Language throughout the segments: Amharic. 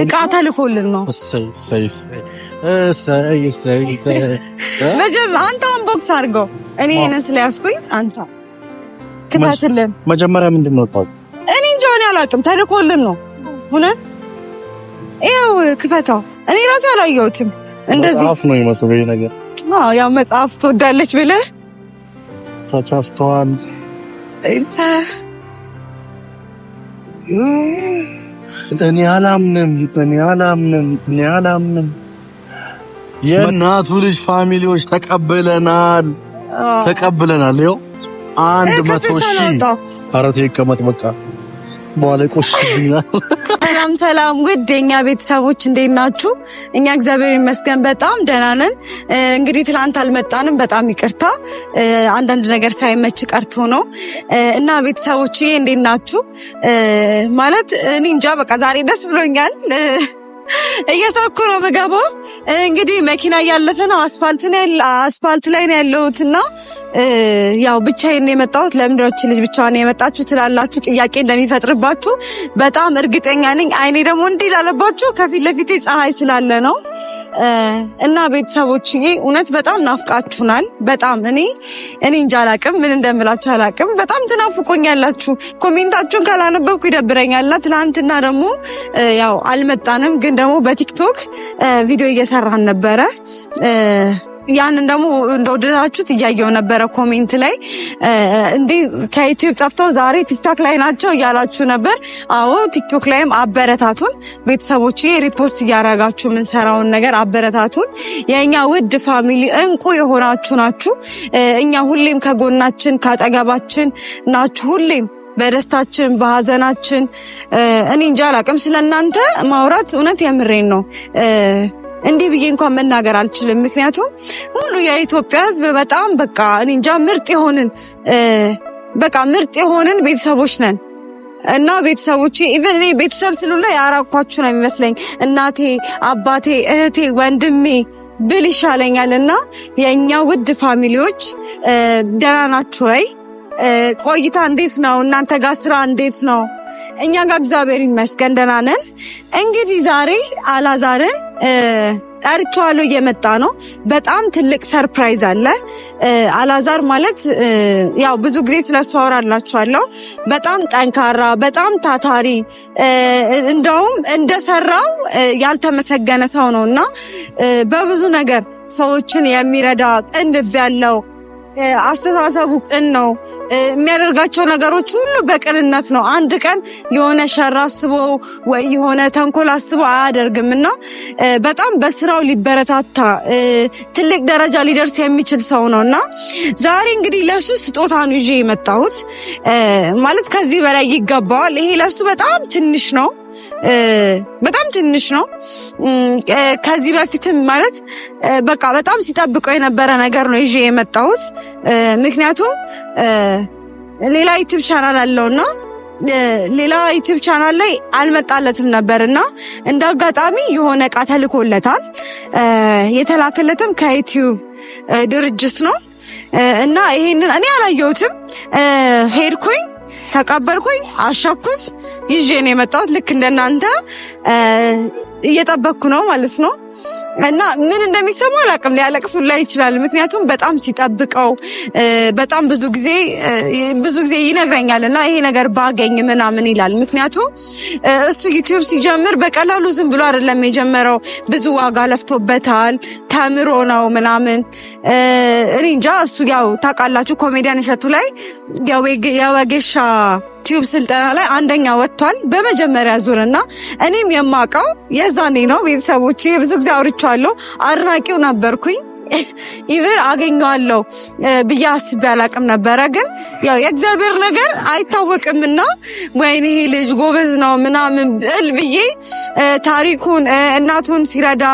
እቃ ተልኮልን ነው። አንተ አንቦክስ አድርገው። እኔ ይሄንን ስለያዝኩኝ አንሳ ክታትልን። መጀመሪያ ምንድን ነው እኔ እንጃ አላውቅም። ተልኮልን ነው ሁነ ይኸው ክፈታው። እኔ ራሴ አላየሁትም። እንደዚህ መጽሐፍ ነው ነገር ያው መጽሐፍ ትወዳለች ብለህ ተከፍተዋል። እኔ አላምንም፣ እኔ አላምንም፣ እኔ አላምንም። የእናቱ ልጅ ፋሚሊዎች ተቀብለናል፣ ተቀብለናል። ይኸው አንድ መቶ ሺህ አረቴ ይቀመጥ በቃ በኋላ ቆሽ ሰላም ሰላም፣ ውድ የኛ ቤተሰቦች እንዴት ናችሁ? እኛ እግዚአብሔር ይመስገን በጣም ደህና ነን። እንግዲህ ትላንት አልመጣንም፣ በጣም ይቅርታ፣ አንዳንድ ነገር ሳይመች ቀርቶ ነው እና ቤተሰቦችዬ እንዴት ናችሁ? ማለት እኔ እንጃ በቃ ዛሬ ደስ ብሎኛል። እየሳኩ ነው በገባው። እንግዲህ መኪና እያለፈ ነው፣ አስፋልት ላይ ነው ያለሁት እና ያው ብቻዬን ነው የመጣሁት። ለምንድን ነው እቺ ልጅ ብቻዋን የመጣችሁ ትላላችሁ፣ ጥያቄ እንደሚፈጥርባችሁ በጣም እርግጠኛ ነኝ። አይኔ ደግሞ እንዲህ ላለባችሁ ከፊት ለፊቴ ፀሐይ ስላለ ነው። እና ቤተሰቦችዬ እውነት በጣም ናፍቃችሁናል። በጣም እኔ እኔ እንጃ አላቅም፣ ምን እንደምላችሁ አላቅም። በጣም ትናፍቆኛላችሁ። ኮሜንታችሁን ካላነበብኩ ይደብረኛል። እና ደግሞ ያው አልመጣንም፣ ግን ደግሞ በቲክቶክ ቪዲዮ እየሰራን ነበረ ያንን ደግሞ እንደወደዳችሁት እያየው ነበረ ኮሜንት ላይ እንዴ ከዩቲዩብ ጠፍተው ዛሬ ቲክቶክ ላይ ናቸው እያላችሁ ነበር። አዎ ቲክቶክ ላይም አበረታቱን ቤተሰቦች፣ ሪፖስት እያረጋችሁ የምንሰራውን ነገር አበረታቱን። የእኛ ውድ ፋሚሊ እንቁ የሆናችሁ ናችሁ። እኛ ሁሌም ከጎናችን ካጠገባችን ናችሁ ሁሌም በደስታችን በሀዘናችን። እኔ እንጃ አላቅም ስለ እናንተ ማውራት እውነት የምሬን ነው። እንዲህ ብዬ እንኳን መናገር አልችልም። ምክንያቱም ሙሉ የኢትዮጵያ ሕዝብ በጣም በቃ እኔ እንጃ ምርጥ የሆንን በቃ ምርጥ የሆንን ቤተሰቦች ነን እና ቤተሰቦቼ ኢቨን እኔ ቤተሰብ ላይ ያራኳችሁ ነው የሚመስለኝ። እናቴ፣ አባቴ፣ እህቴ፣ ወንድሜ ብል ይሻለኛል። እና የእኛ ውድ ፋሚሊዎች ደህና ናችሁ ወይ? ቆይታ እንዴት ነው? እናንተ ጋር ስራ እንዴት ነው? እኛ ጋር እግዚአብሔር ይመስገን ደህና ነን። እንግዲህ ዛሬ አላዛርን ጠርቼዋለሁ፣ እየመጣ ነው። በጣም ትልቅ ሰርፕራይዝ አለ። አላዛር ማለት ያው ብዙ ጊዜ ስለሱ አወራላችኋለሁ። በጣም ጠንካራ፣ በጣም ታታሪ፣ እንደውም እንደሰራው ያልተመሰገነ ሰው ነው እና በብዙ ነገር ሰዎችን የሚረዳ ጥንድፍ ያለው አስተሳሰቡ ቅን ነው። የሚያደርጋቸው ነገሮች ሁሉ በቅንነት ነው። አንድ ቀን የሆነ ሸር አስቦ ወይ የሆነ ተንኮል አስቦ አያደርግም እና በጣም በስራው ሊበረታታ ትልቅ ደረጃ ሊደርስ የሚችል ሰው ነው እና ዛሬ እንግዲህ ለሱ ስጦታ ነው ይዤ የመጣሁት። ማለት ከዚህ በላይ ይገባዋል። ይሄ ለሱ በጣም ትንሽ ነው በጣም ትንሽ ነው። ከዚህ በፊትም ማለት በቃ በጣም ሲጠብቀው የነበረ ነገር ነው ይዤ የመጣሁት። ምክንያቱም ሌላ ዩቲብ ቻናል አለውና ሌላ ዩቲብ ቻናል ላይ አልመጣለትም ነበር እና እንደ አጋጣሚ የሆነ እቃ ተልኮለታል። የተላከለትም ከዩቲብ ድርጅት ነው እና ይሄንን እኔ አላየሁትም ሄድኩኝ ተቀበልኩኝ፣ አሸኩት፣ ይዤ ነው የመጣሁት ልክ እንደናንተ እየጠበቅኩ ነው ማለት ነው። እና ምን እንደሚሰማ አላውቅም። ሊያለቅሱ ላይ ይችላል። ምክንያቱም በጣም ሲጠብቀው በጣም ብዙ ጊዜ ብዙ ጊዜ ይነግረኛል እና ይሄ ነገር ባገኝ ምናምን ይላል። ምክንያቱም እሱ ዩቲዩብ ሲጀምር በቀላሉ ዝም ብሎ አይደለም የጀመረው። ብዙ ዋጋ ለፍቶበታል። ተምሮ ነው ምናምን። እኔ እንጃ እሱ ያው ታውቃላችሁ፣ ኮሜዲያን እሸቱ ላይ የወጌሻ ቲዩብ ስልጠና ላይ አንደኛ ወጥቷል በመጀመሪያ ዙርና እኔም የማውቀው የዛኔ ነው። ቤተሰቦች ብዙ ጊዜ አውርቻለሁ፣ አድናቂው ነበርኩኝ። ይብር አገኘዋለሁ ብዬ አስቤ አላቅም ነበረ። ግን ያው የእግዚአብሔር ነገር አይታወቅምና ወይን ይሄ ልጅ ጎበዝ ነው ምናምን ብል ብዬ ታሪኩን እናቱን ሲረዳ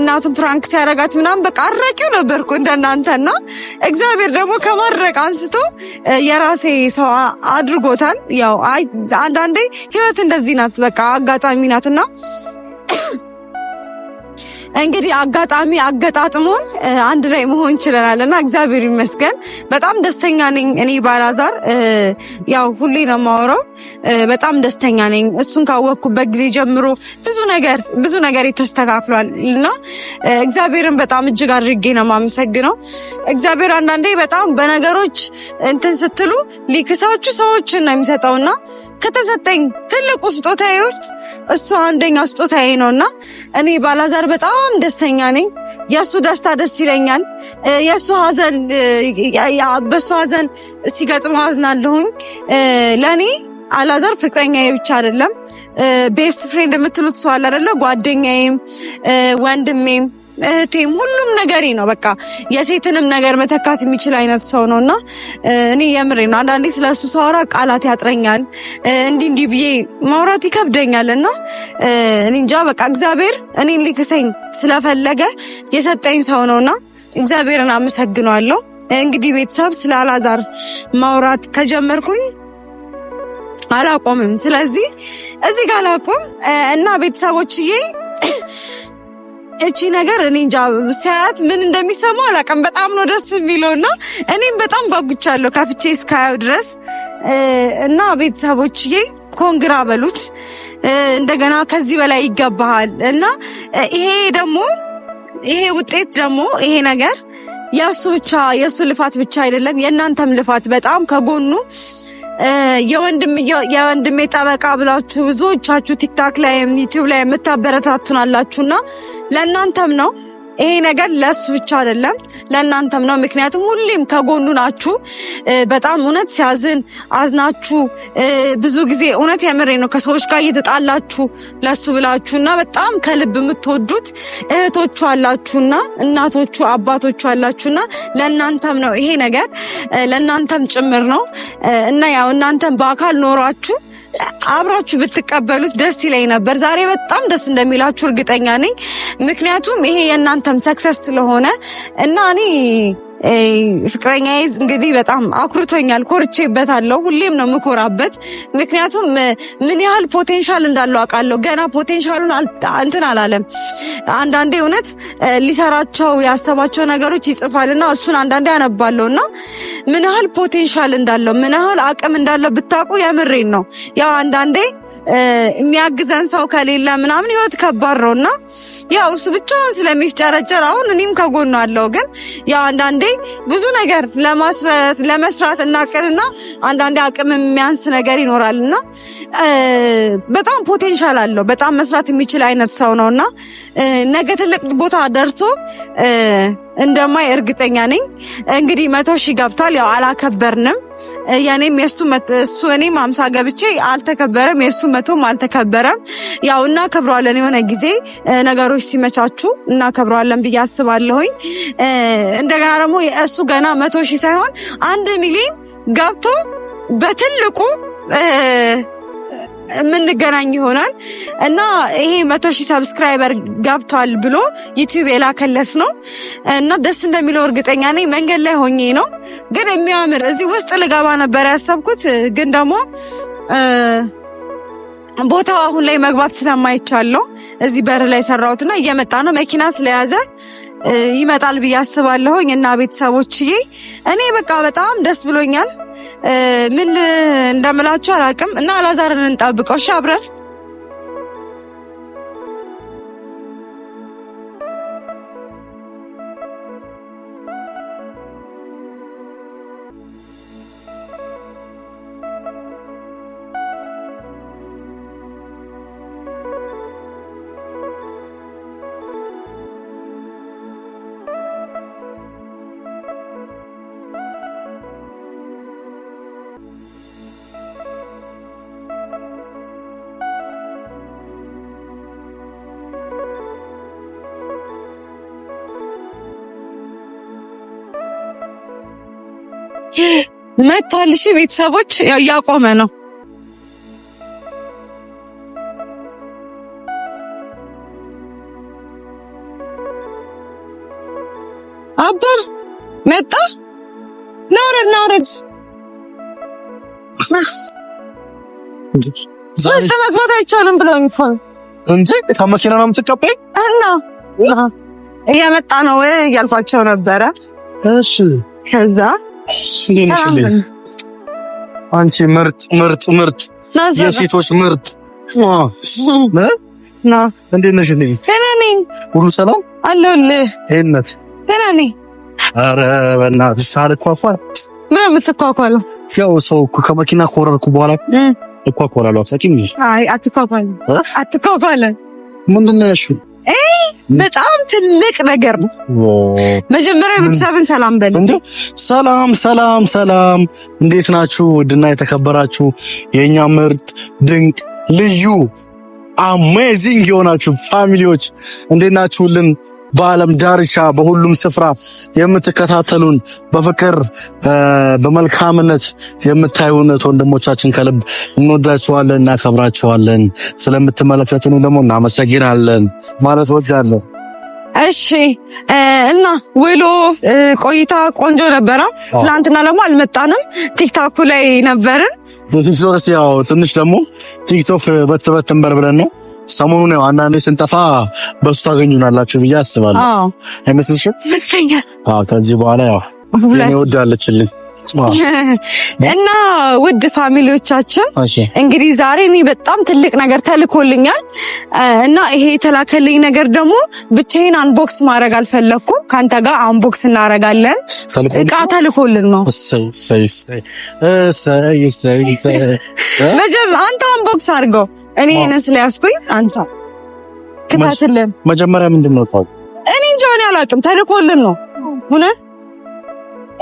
እናቱን ፕራንክ ሲያረጋት ምናምን በቃ አረቂው ነበርኩ እንደናንተና እግዚአብሔር ደግሞ ከማድረቅ አንስቶ የራሴ ሰው አድርጎታል። ያው አንዳንዴ ህይወት እንደዚህ ናት፣ በቃ አጋጣሚ ናትና እንግዲህ አጋጣሚ አገጣጥሞን አንድ ላይ መሆን ችለናል እና እግዚአብሔር ይመስገን በጣም ደስተኛ ነኝ። እኔ ባላዛር ያው ሁሌ ነው የማወራው፣ በጣም ደስተኛ ነኝ። እሱን ካወቅኩበት ጊዜ ጀምሮ ብዙ ነገር ብዙ ነገር ተስተካክሏል እና እግዚአብሔርን በጣም እጅግ አድርጌ ነው የማመሰግነው። እግዚአብሔር አንዳንዴ በጣም በነገሮች እንትን ስትሉ ሊክሳችሁ ሰዎችን ነው የሚሰጠውና ከተሰጠኝ ትልቁ ስጦታዬ ውስጥ እሱ አንደኛው ስጦታዬ ነውና እኔ ባላዛር በጣም ደስተኛ ነኝ። የእሱ ደስታ ደስ ይለኛል። የእሱ ሀዘን በእሱ ሀዘን ሲገጥመው አዝናለሁኝ። ለእኔ አላዛር ፍቅረኛዬ ብቻ አይደለም፣ ቤስት ፍሬንድ የምትሉት ሰው አለ አይደለ? ጓደኛዬም ወንድሜም እህቴም ሁሉም ነገሬ ነው። በቃ የሴትንም ነገር መተካት የሚችል አይነት ሰው ነው እና እኔ የምሬ ነው። አንዳንዴ ስለ እሱ ሳወራ ቃላት ያጥረኛል፣ እንዲህ እንዲህ ብዬ ማውራት ይከብደኛል እና እኔ እንጃ በቃ እግዚአብሔር እኔን ሊክሰኝ ስለፈለገ የሰጠኝ ሰው ነውና እግዚአብሔርን አመሰግነዋለሁ። እንግዲህ ቤተሰብ ስለ አላዛር ማውራት ከጀመርኩኝ አላቆምም። ስለዚህ እዚህ ጋር አላቆም እና ቤተሰቦችዬ እቺ ነገር እኔ እንጃ ሳያት ምን እንደሚሰማ አላውቅም። በጣም ነው ደስ የሚለው እና እኔም በጣም ባጉቻለሁ ከፍቼ እስካየው ድረስ እና ቤተሰቦችዬ ኮንግራ በሉት እንደገና ከዚህ በላይ ይገባሃል እና ይሄ ደግሞ ይሄ ውጤት ደግሞ ይሄ ነገር የእሱ ብቻ የእሱ ልፋት ብቻ አይደለም፣ የእናንተም ልፋት በጣም ከጎኑ የወንድሜ ጠበቃ ብላችሁ ብዙዎቻችሁ ቲክታክ ላይ ዩቲዩብ ላይ የምታበረታቱናላችሁና ለእናንተም ነው ይሄ ነገር ለሱ ብቻ አይደለም ለእናንተም ነው። ምክንያቱም ሁሌም ከጎኑ ናችሁ። በጣም እውነት ሲያዝን አዝናችሁ ብዙ ጊዜ እውነት የምሬ ነው ከሰዎች ጋር እየተጣላችሁ ለሱ ብላችሁ እና በጣም ከልብ የምትወዱት እህቶቹ አላችሁና እናቶቹ አባቶቹ አላችሁና ለእናንተም ነው ይሄ ነገር ለእናንተም ጭምር ነው እና ያው እናንተም በአካል ኖሯችሁ አብራችሁ ብትቀበሉት ደስ ይለኝ ነበር። ዛሬ በጣም ደስ እንደሚላችሁ እርግጠኛ ነኝ። ምክንያቱም ይሄ የእናንተም ሰክሰስ ስለሆነ እና እኔ ፍቅረኛዬ እንግዲህ በጣም አኩርቶኛል፣ ኮርቼበታለሁ። ሁሌም ነው የምኮራበት፣ ምክንያቱም ምን ያህል ፖቴንሻል እንዳለው አውቃለሁ። ገና ፖቴንሻሉን እንትን አላለም። አንዳንዴ እውነት ሊሰራቸው ያሰባቸው ነገሮች ይጽፋልና እሱን አንዳንዴ አነባለሁ እና ምን ያህል ፖቴንሻል እንዳለው ምን ያህል አቅም እንዳለው ብታውቁ፣ የምሬን ነው። ያው አንዳንዴ የሚያግዘን ሰው ከሌለ ምናምን ህይወት ከባድ ነው እና ያው እሱ ብቻውን ስለሚፍጨረጨር አሁን እኔም ከጎኑ አለው። ግን ያው አንዳንዴ ብዙ ነገር ለማስረት ለመስራት እናቅድና አንዳንዴ አቅም የሚያንስ ነገር ይኖራል እና በጣም ፖቴንሻል አለው። በጣም መስራት የሚችል አይነት ሰው ነው እና ነገ ትልቅ ቦታ ደርሶ እንደማይ እርግጠኛ ነኝ። እንግዲህ መቶ ሺህ ገብቷል። ያው አላከበርንም። የኔም የሱ እሱ እኔም አምሳ ገብቼ አልተከበረም፣ የሱ መቶም አልተከበረም። ያው እናከብረዋለን፣ የሆነ ጊዜ ነገሮች ሲመቻቹ እናከብረዋለን ብዬ አስባለሁኝ። እንደገና ደግሞ እሱ ገና መቶ ሺህ ሳይሆን አንድ ሚሊዮን ገብቶ በትልቁ የምንገናኝ ይሆናል እና ይሄ መቶ ሺህ ሰብስክራይበር ገብቷል ብሎ ዩቲዩብ የላከለስ ነው እና ደስ እንደሚለው እርግጠኛ ነኝ። መንገድ ላይ ሆኜ ነው ግን የሚያምር እዚህ ውስጥ ልገባ ነበር ያሰብኩት ግን ደግሞ ቦታው አሁን ላይ መግባት ስለማይቻለው እዚህ በር ላይ ሰራሁትና እየመጣ ነው። መኪና ስለያዘ ይመጣል ብዬ አስባለሁኝ። እና ቤተሰቦችዬ እኔ በቃ በጣም ደስ ብሎኛል። ምን እንደምላችሁ አላውቅም እና አላዛርን እንጠብቀው አብረን መቷል። እሺ ቤተሰቦች እያቆመ ነው። አባ መጣ። ናውረድ ናውረድ። ውስጥ መግባት አይቻልም ብለውኝ እኮ ነው እንጂ ከመኪና ነው የምትቀበይ እና እየመጣ ነው እያልኳቸው ነበረ። እሺ ከዛ እንዴት አንቺ ምርጥ ምርጥ ምርጥ የሴቶች ምርጥ ና እንዴት ነሽልኝ? ደህና ነኝ። ሁሉ ሰላም አለሁልህ። ይሄነት ደህና ነኝ። ኧረ በእናትሽ ሳልኳኳ ምን የምትኳኳለው? ያው ሰው ከመኪና ከወረድኩ በኋላ እኳኳላለሁ። አትኳኳል። አይ አትኳኳል። አትኳኳል። ምንድን ነው ያልሽው? በጣም ትልቅ ነገር ነው። መጀመሪያ ቤተሰብን ሰላም በል። ሰላም ሰላም ሰላም፣ እንዴት ናችሁ? ውድና የተከበራችሁ የእኛ ምርጥ ድንቅ ልዩ አሜዚንግ የሆናችሁ ፋሚሊዎች እንዴት ናችሁልን? በዓለም ዳርቻ በሁሉም ስፍራ የምትከታተሉን በፍቅር በመልካምነት የምታዩነት ወንድሞቻችን ከልብ እንወዳችኋለን፣ እናከብራችኋለን። ስለምትመለከቱን ደግሞ እናመሰግናለን ማለት ወዳለሁ። እሺ እና ውሎ ቆይታ ቆንጆ ነበረ። ትናንትና ደግሞ አልመጣንም፣ ቲክታኩ ላይ ነበርን። ያው ትንሽ ደግሞ ቲክቶክ በትበት በትበትን ብለን ነው ሰሞኑን ያው አንዳንዴ ስንጠፋ በሱ ታገኙናላችሁ ብዬ አስባለሁ። አዎ አይመስልሽም? ይመስለኛል። አዎ ከዚህ በኋላ ያው እኔ ወዳለችልኝ እና ውድ ፋሚሊዎቻችን እንግዲህ ዛሬ እኔ በጣም ትልቅ ነገር ተልኮልኛል እና ይሄ የተላከልኝ ነገር ደግሞ ብቻዬን አንቦክስ ማድረግ አልፈለኩም። ከአንተ ጋር አንቦክስ እናደርጋለን። እቃ ተልኮልን ነው። አንተ አንቦክስ አድርገው እኔ ይሄንን ስለያዝኩኝ አንተ ክታትልን። መጀመሪያ ምንድን ነው ታው እኔ እንጃ እኔ አላውቅም። ተልኮልን ነው ሆነ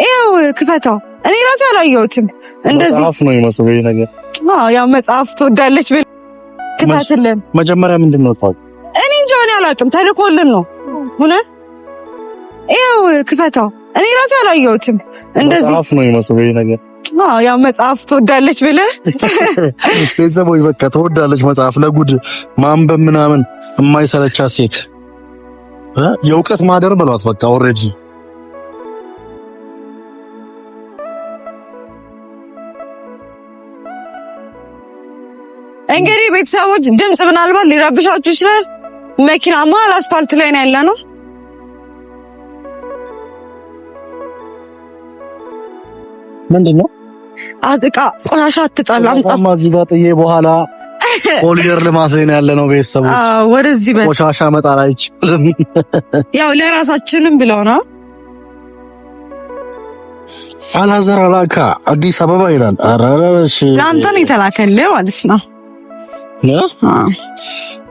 ይኸው ክፈታው። እኔ ራሴ አላየሁትም። እንደዚህ መጽሐፍ ነው ይመስለው ይሄ ነገር። አዎ ያው መጽሐፍ ትወዳለች ብለህ ክፈትልን። መጀመሪያ ምንድን ነው ታው እኔ እንጃ እኔ አላውቅም። ተልኮልን ነው ሆነ ይኸው ክፈታው። እኔ ራሴ አላየሁትም። እንደዚህ መጽሐፍ ነው ይመስለው ይሄ ነገር ያው መጽሐፍ ትወዳለች ብለህ ቤተሰቦች በቃ ትወዳለች መጽሐፍ ለጉድ ማንበብ ምናምን የማይሰለቻት ሴት የእውቀት ማደር ብሏት በቃ ኦልሬዲ እንግዲህ ቤተሰቦች ድምፅ ምናልባት ሊረብሻችሁ ይችላል። መኪና መሀል አስፓልት ላይ ነው ያለ ነው። ምንድን ነው አጥቃ ቆሻሻ አትጣል። አምጣማ እዚህ ጋር ጥዬ በኋላ ኮልየር ልማስን ያለ ነው ቤተሰቦች ወደዚህ በል ቆሻሻ መጣል አይችልም። ያው ለራሳችንም ብለው ነው። አላዘር አላካ አዲስ አበባ ይላል። አራራሽ አረረሽ ነው የተላከልህ ማለት ነው።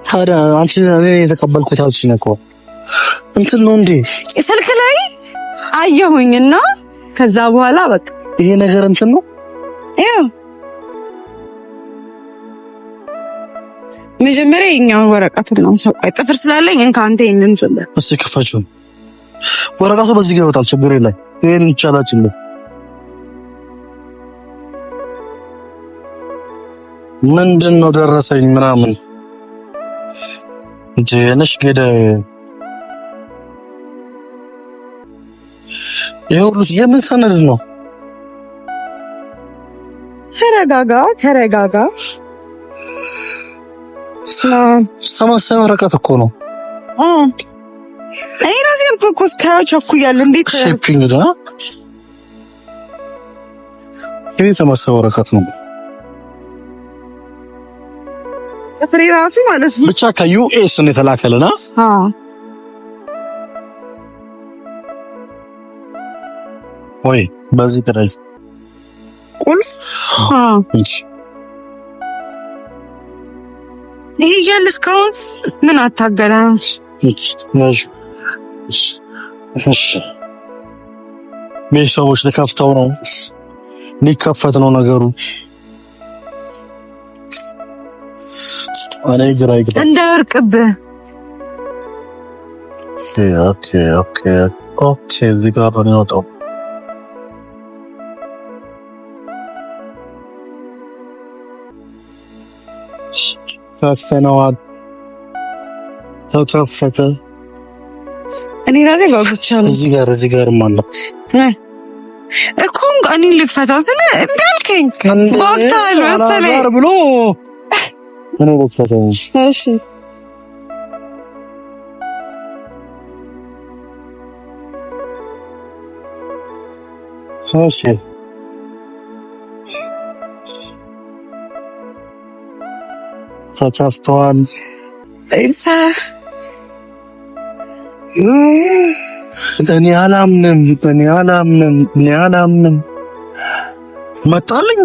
ታዲያ አንቺ እኔ የተቀበልኩት አልሽኝ እኮ እንትን ነው እንዴ ስልክ ላይ አየሁኝና ከዛ በኋላ በቃ ይሄ ነገር እንትን ነው ይኸው መጀመሪያ የኛውን ወረቀት ነው ሰው ጥፍር ስላለኝ እንካንተ ይንን ሰለ እሺ፣ ክፈችው። ወረቀቱ በዚህ ጋር ይወጣል። ችግር የለም። ይሄን ይቻላል። ምንድን ነው ደረሰኝ ምናምን እንጂ ገደ ይሄ ሁሉ የምን ሰነድ ነው? ተረጋጋ፣ ተረጋጋ። ሰማሰብ ወረቀት እኮ ነው። እኔ ራሴ እኮ እስካሁን ቸኩያለሁ። እንዴት ሼፒንግ ነው። ጥፍሬ ራሱ ማለት ነው ብቻ ከዩኤስ ነው የተላከልና ወይ በዚህ ደረጃ ቁልፍ ይሄ እያለ እስካሁን ምን አታገላም? ቤተሰቦች ልከፍተው ነው፣ ሊከፈት ነው ነገሩ። እንዳይወርቅብህ ኦኬ ኦኬ ኦኬ እዚህ ጋር ነው የሚወጣው ثلاث سنوات ثلاث فتى اني راضي بقى ان شاء الله زيجار زيجار مالا اكون اني اللي فتى انا مدلكين وقتها المسألة انا ضارب لو انا ضد فتى ماشي خاشي ተከፍተዋል። ኤልሳ እኔ አላምንም፣ እኔ አላምንም፣ እኔ አላምንም። መጣልኝ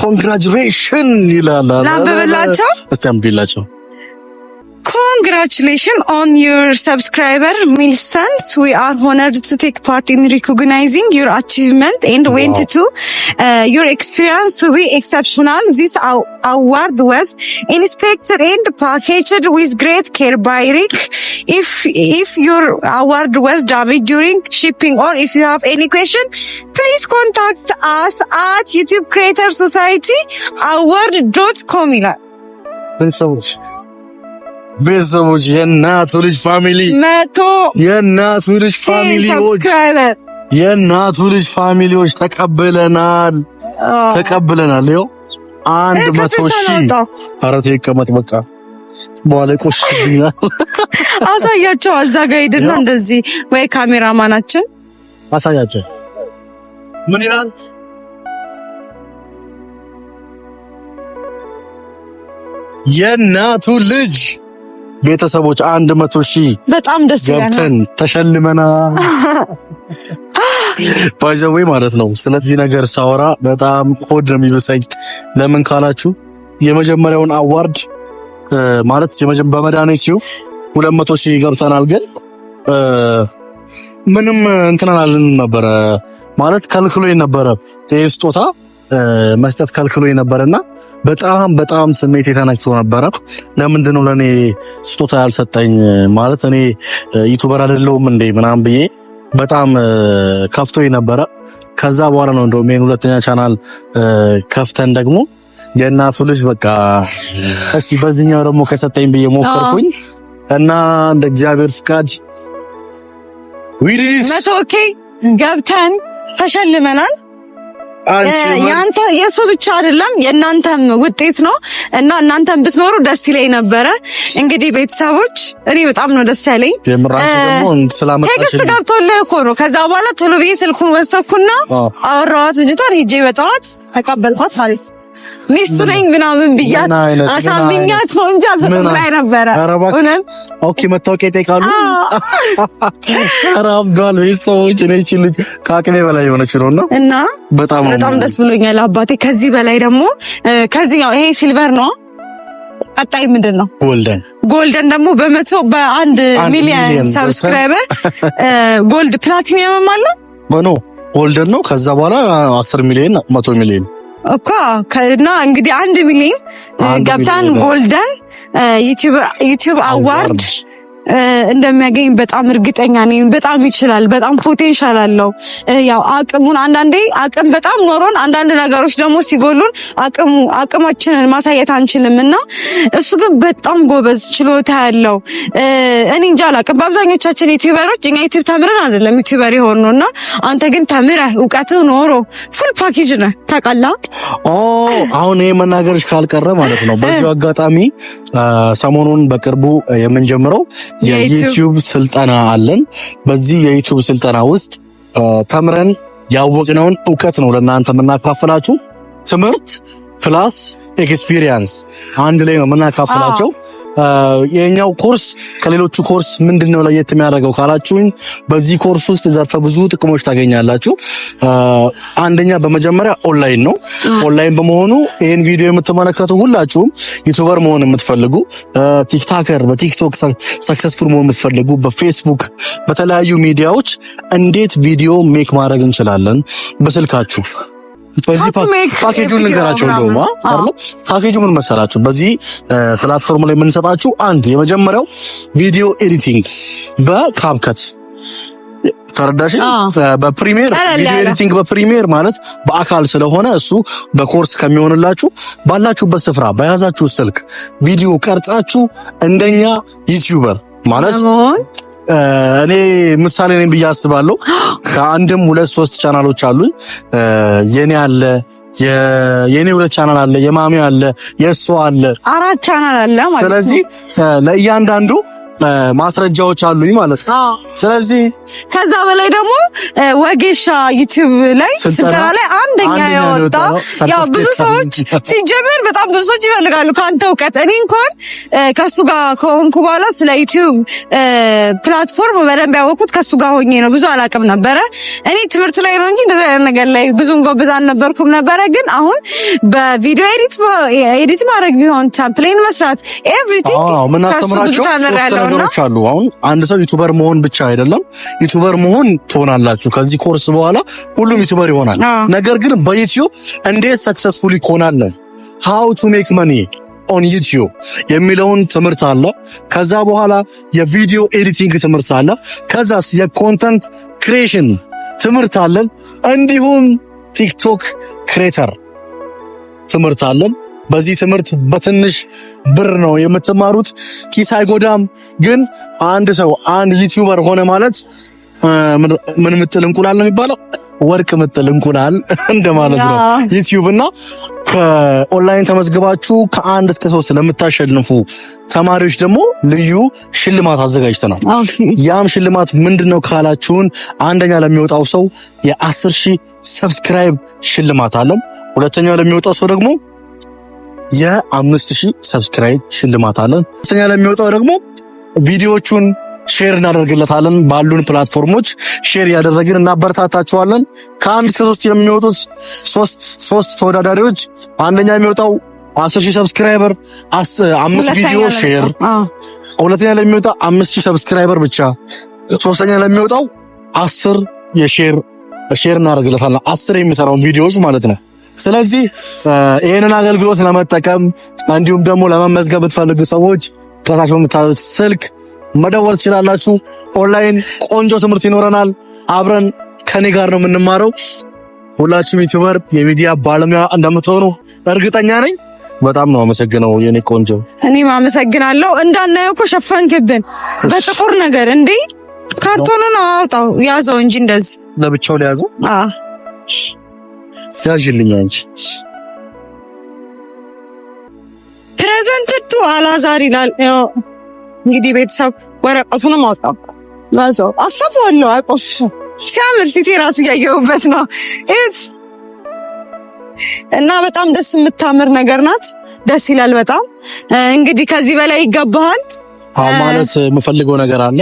ኮንግራጁሌሽን ይላል። ላንብብላቸው፣ እስቲ አንብብላቸው Congratulations on your subscriber milestones. We are honored to take part in recognizing your achievement and wow. went to uh, your experience to be exceptional. This award was inspected and packaged with great care by Rick. If if your award was damaged during shipping or if you have any question, please contact us at YouTube Creator Society Award.com. Ben ቤተሰቦች የእናቱ ልጅ ፋሚሊ መቶ የእናቱ ልጅ ፋሚሊዎች የእናቱ ልጅ ፋሚሊዎች ተቀብለናል ተቀብለናል። ይኸው አንድ መቶ ሺህ አረት ይቀመጥ በቃ በኋላ ቆሽ አሳያቸው። እዛ ጋ ሂድና እንደዚህ ወይ ካሜራማናችን አሳያቸው። ምን ይላል? የእናቱ ልጅ ቤተሰቦች አንድ መቶ ሺህ በጣም ደስ ገብተን ተሸልመና ባይዘዌ ማለት ነው። ስለዚህ ነገር ሳወራ በጣም ሆድ ነው የሚበሳኝ። ለምን ካላችሁ የመጀመሪያውን አዋርድ ማለት በመድኃኒት ሲው ሁለት መቶ ሺህ ገብተናል፣ ግን ምንም እንትን አላልንም ነበረ ማለት ከልክሎኝ ነበረ ይህ ስጦታ መስጠት ከልክሎኝ ነበረና በጣም በጣም ስሜት የተናጭቶ ነበረ። ለምንድነው ነው ለእኔ ስጦታ ያልሰጠኝ? ማለት እኔ ዩቱበር አይደለሁም እንዴ ምናምን ብዬ በጣም ከፍቶ ነበረ። ከዛ በኋላ ነው እንደውም ይሄን ሁለተኛ ቻናል ከፍተን ደግሞ የእናቱ ልጅ በቃ እስቲ በዚህኛው ደግሞ ከሰጠኝ ብዬ ሞከርኩኝ እና እንደ እግዚአብሔር ፍቃድ ዊዲስ መቶ ኬ ገብተን ተሸልመናል። ያንተ የእሱ ብቻ አይደለም የእናንተም ውጤት ነው እና እናንተም ብትኖሩ ደስ ይለኝ ነበረ። እንግዲህ ቤተሰቦች እኔ በጣም ነው ደስ ያለኝ። ቴክስት ገብቶልህ እኮ ነው። ከዛ በኋላ ቶሎ ብዬ ስልኩን ወሰድኩና አወራኋት ልጅቷን ሄጄ በጠዋት ተቀበልኳት ማለት ሚስቱ ነኝ ምናምን ብያት ኦኬ አብዷል። ከአቅሜ በላይ የሆነች ነው እና እና በጣም ደስ ብሎኛል አባቴ። ከዚህ በላይ ደግሞ ከዚህ ያው ይሄ ሲልቨር ነው። ቀጣይ ምንድን ነው? ጎልደን ጎልደን ደግሞ በመቶ በአንድ ሚሊዮን ሰብስክራይበር ጎልድ ፕላቲኒየምም አለ። ጎልደን ነው። ከዛ በኋላ አስር ሚሊዮን መቶ ሚሊዮን እኮ ከና እንግዲህ አንድ ሚሊዮን ገብተን ጎልደን ዩቲዩብ አዋርድ እንደሚያገኝ በጣም እርግጠኛ ነኝ። በጣም ይችላል። በጣም ፖቴንሻል አለው። ያው አቅሙን አንዳንዴ አቅም በጣም ኖሮን አንዳንድ ነገሮች ደግሞ ሲጎሉን አቅሙ አቅማችንን ማሳየት አንችልም እና እሱ ግን በጣም ጎበዝ ችሎታ ያለው እኔ እንጃ አላቅም። በአብዛኞቻችን ዩቲዩበሮች እኛ ዩቲዩብ ተምረን አይደለም ዩቲዩበር የሆን ነው እና አንተ ግን ተምረህ እውቀት ኖሮ ፉል ፓኬጅ ነህ ታውቃለህ። አሁን ይህ መናገርሽ ካልቀረ ማለት ነው በዚሁ አጋጣሚ ሰሞኑን በቅርቡ የምንጀምረው የዩቲዩብ ስልጠና አለን። በዚህ የዩቲዩብ ስልጠና ውስጥ ተምረን ያወቅነውን እውቀት ነው ለእናንተ የምናካፍላችሁ። ትምህርት ፕላስ ኤክስፒሪየንስ አንድ ላይ ነው የምናካፍላቸው። የኛው ኮርስ ከሌሎቹ ኮርስ ምንድነው ለየት የሚያደርገው ካላችሁኝ፣ በዚህ ኮርስ ውስጥ ዘርፈ ብዙ ጥቅሞች ታገኛላችሁ። አንደኛ በመጀመሪያ ኦንላይን ነው። ኦንላይን በመሆኑ ይህን ቪዲዮ የምትመለከቱ ሁላችሁም ዩቱበር መሆን የምትፈልጉ ቲክታከር፣ በቲክቶክ ሰክሰስፉል መሆን የምትፈልጉ፣ በፌስቡክ በተለያዩ ሚዲያዎች እንዴት ቪዲዮ ሜክ ማድረግ እንችላለን በስልካችሁ በዚህ ፓኬጁን ልንገራቸው እንደውም አይደል? ፓኬጁ ምን መሰላችሁ? በዚህ ፕላትፎርም ላይ የምንሰጣችሁ አንድ የመጀመሪያው ቪዲዮ ኤዲቲንግ በካፕከት ተረዳሽ? በፕሪሚየር ቪዲዮ ኤዲቲንግ በፕሪሚየር ማለት በአካል ስለሆነ እሱ በኮርስ ከሚሆንላችሁ ባላችሁበት ስፍራ በያዛችሁ ስልክ ቪዲዮ ቀርጻችሁ እንደኛ ዩቲዩበር ማለት እኔ ምሳሌ ነኝ ብዬ አስባለሁ። ከአንድም ሁለት ሶስት ቻናሎች አሉ። የኔ አለ የኔ ሁለት ቻናል አለ፣ የማሚ አለ፣ የእሱ አለ፣ አራት ቻናል አለ ማለት ስለዚህ ለእያንዳንዱ ማስረጃዎች አሉኝ ማለት ነው። ስለዚህ ከዛ በላይ ደግሞ ወጌሻ ዩቲዩብ ላይ ስልጠና ላይ አንደኛ ያወጣ ያው ብዙ ሰዎች ሲጀምር በጣም ብዙ ሰዎች ይፈልጋሉ ከአንተ እውቀት። እኔ እንኳን ከሱ ጋር ከሆንኩ በኋላ ስለ ዩቲዩብ ፕላትፎርም በደንብ ያወቅኩት ከሱ ጋር ሆኜ ነው። ብዙ አላቅም ነበረ እኔ ትምህርት ላይ ነው እንጂ እንደዛ አይነት ነገር ላይ ብዙም ጎበዝ አልነበርኩም ነበረ። ግን አሁን በቪዲዮ ኤዲት ኤዲት ማድረግ ቢሆን ታምፕሌን መስራት ኤቭሪቲንግ ከሱ ብዙ ተምሬያለሁ። ነገሮች አሉ። አሁን አንድ ሰው ዩቱበር መሆን ብቻ አይደለም። ዩቱበር መሆን ትሆናላችሁ ከዚህ ኮርስ በኋላ ሁሉም ዩቱበር ይሆናል። ነገር ግን በዩቲዩብ እንዴት ሰክሰስፉል ይሆናል ሃው ቱ ሜክ መኒ ኦን ዩቲዩብ የሚለውን ትምህርት አለ። ከዛ በኋላ የቪዲዮ ኤዲቲንግ ትምህርት አለ። ከዛስ የኮንተንት ክሬሽን ትምህርት አለን። እንዲሁም ቲክቶክ ክሬተር ትምህርት አለን። በዚህ ትምህርት በትንሽ ብር ነው የምትማሩት፣ ኪስ አይጎዳም። ግን አንድ ሰው አንድ ዩቲዩበር ሆነ ማለት ምን ምትል እንቁላል ነው የሚባለው? ወርቅ ምትል እንቁላል እንደማለት ነው ዩቲዩብ እና ከኦንላይን ተመዝግባችሁ ከአንድ እስከ ሶስት ለምታሸንፉ ተማሪዎች ደግሞ ልዩ ሽልማት አዘጋጅተናል። ያም ሽልማት ምንድን ነው ካላችሁን፣ አንደኛ ለሚወጣው ሰው የአስር ሺህ ሰብስክራይብ ሽልማት አለን። ሁለተኛው ለሚወጣው ሰው ደግሞ የአምስት ሺህ ሰብስክራይብ ሽልማት አለን። ሶስተኛ ለሚወጣው ደግሞ ቪዲዮቹን ሼር እናደርግለታለን። ባሉን ፕላትፎርሞች ሼር እያደረግን እናበረታታችኋለን። ከአንድ እስከ ሶስት የሚወጡት ሶስት ተወዳዳሪዎች አንደኛ የሚወጣው አስር ሺህ ሰብስክራይበር አምስት ቪዲዮ ሼር፣ ሁለተኛ ለሚወጣው አምስት ሺህ ሰብስክራይበር ብቻ፣ ሶስተኛ ለሚወጣው አስር የሼር ሼር እናደርግለታለን። አስር የሚሰራውን ቪዲዮዎች ማለት ነው። ስለዚህ ይህንን አገልግሎት ለመጠቀም እንዲሁም ደግሞ ለመመዝገብ ብትፈልጉ ሰዎች ከታች በምታዩት ስልክ መደወል ትችላላችሁ። ኦንላይን ቆንጆ ትምህርት ይኖረናል። አብረን ከኔ ጋር ነው የምንማረው። ሁላችሁም ዩቲዩበር የሚዲያ ባለሙያ እንደምትሆኑ እርግጠኛ ነኝ። በጣም ነው አመሰግነው የኔ ቆንጆ። እኔም አመሰግናለሁ። እንዳናየው እኮ ሸፈንክብን በጥቁር ነገር እንዴ። ካርቶኑን አውጣው ያዘው እንጂ እንደዚህ ለብቻው ሊያዘው ያዥልኝ አንቺ ፕሬዘንትቱ አላዛር ይላል። ያው እንግዲህ ቤተሰብ ወረቀቱንም አውጣው አሰፉ ነው አቆሽ ሲያምር ፊቴ ራሱ እያየሁበት ነው። እና በጣም ደስ የምታምር ነገር ናት። ደስ ይላል በጣም እንግዲህ ከዚህ በላይ ይገባሃል። አዎ ማለት የምፈልገው ነገር አለ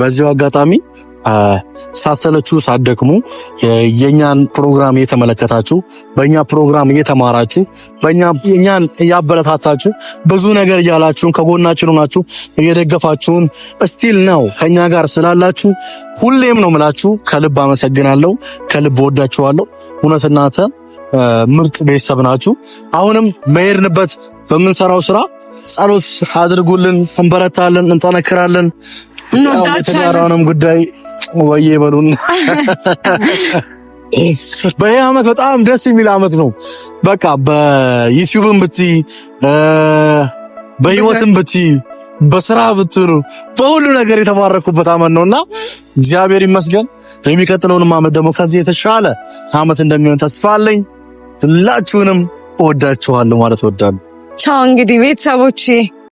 በዚሁ አጋጣሚ ሳሰለችሁ ሳደክሙ የእኛን ፕሮግራም እየተመለከታችሁ በእኛ ፕሮግራም እየተማራችሁ በእኛ የእኛን እያበረታታችሁ ብዙ ነገር እያላችሁን ከጎናችን ሆናችሁ እየደገፋችሁን እስቲል ነው ከእኛ ጋር ስላላችሁ ሁሌም ነው ምላችሁ ከልብ አመሰግናለሁ። ከልብ ወዳችኋለሁ። እውነት እናንተ ምርጥ ቤተሰብ ናችሁ። አሁንም መሄድንበት በምንሰራው ስራ ጸሎት አድርጉልን። እንበረታለን፣ እንጠነክራለን። ያው የትዳራውንም ጉዳይ ወይ በሉና በይህ ዓመት በጣም ደስ የሚል ዓመት ነው። በቃ በዩቲዩብም ብቲ በህይወትም ብቲ በስራ ብትሉ በሁሉ ነገር የተባረኩበት ዓመት ነውና እግዚአብሔር ይመስገን። የሚቀጥለውንም ዓመት ደግሞ ከዚህ የተሻለ ዓመት እንደሚሆን ተስፋ አለኝ። ሁላችሁንም እወዳችኋለሁ ማለት እወዳለሁ። ቻው እንግዲህ ቤተሰቦቼ።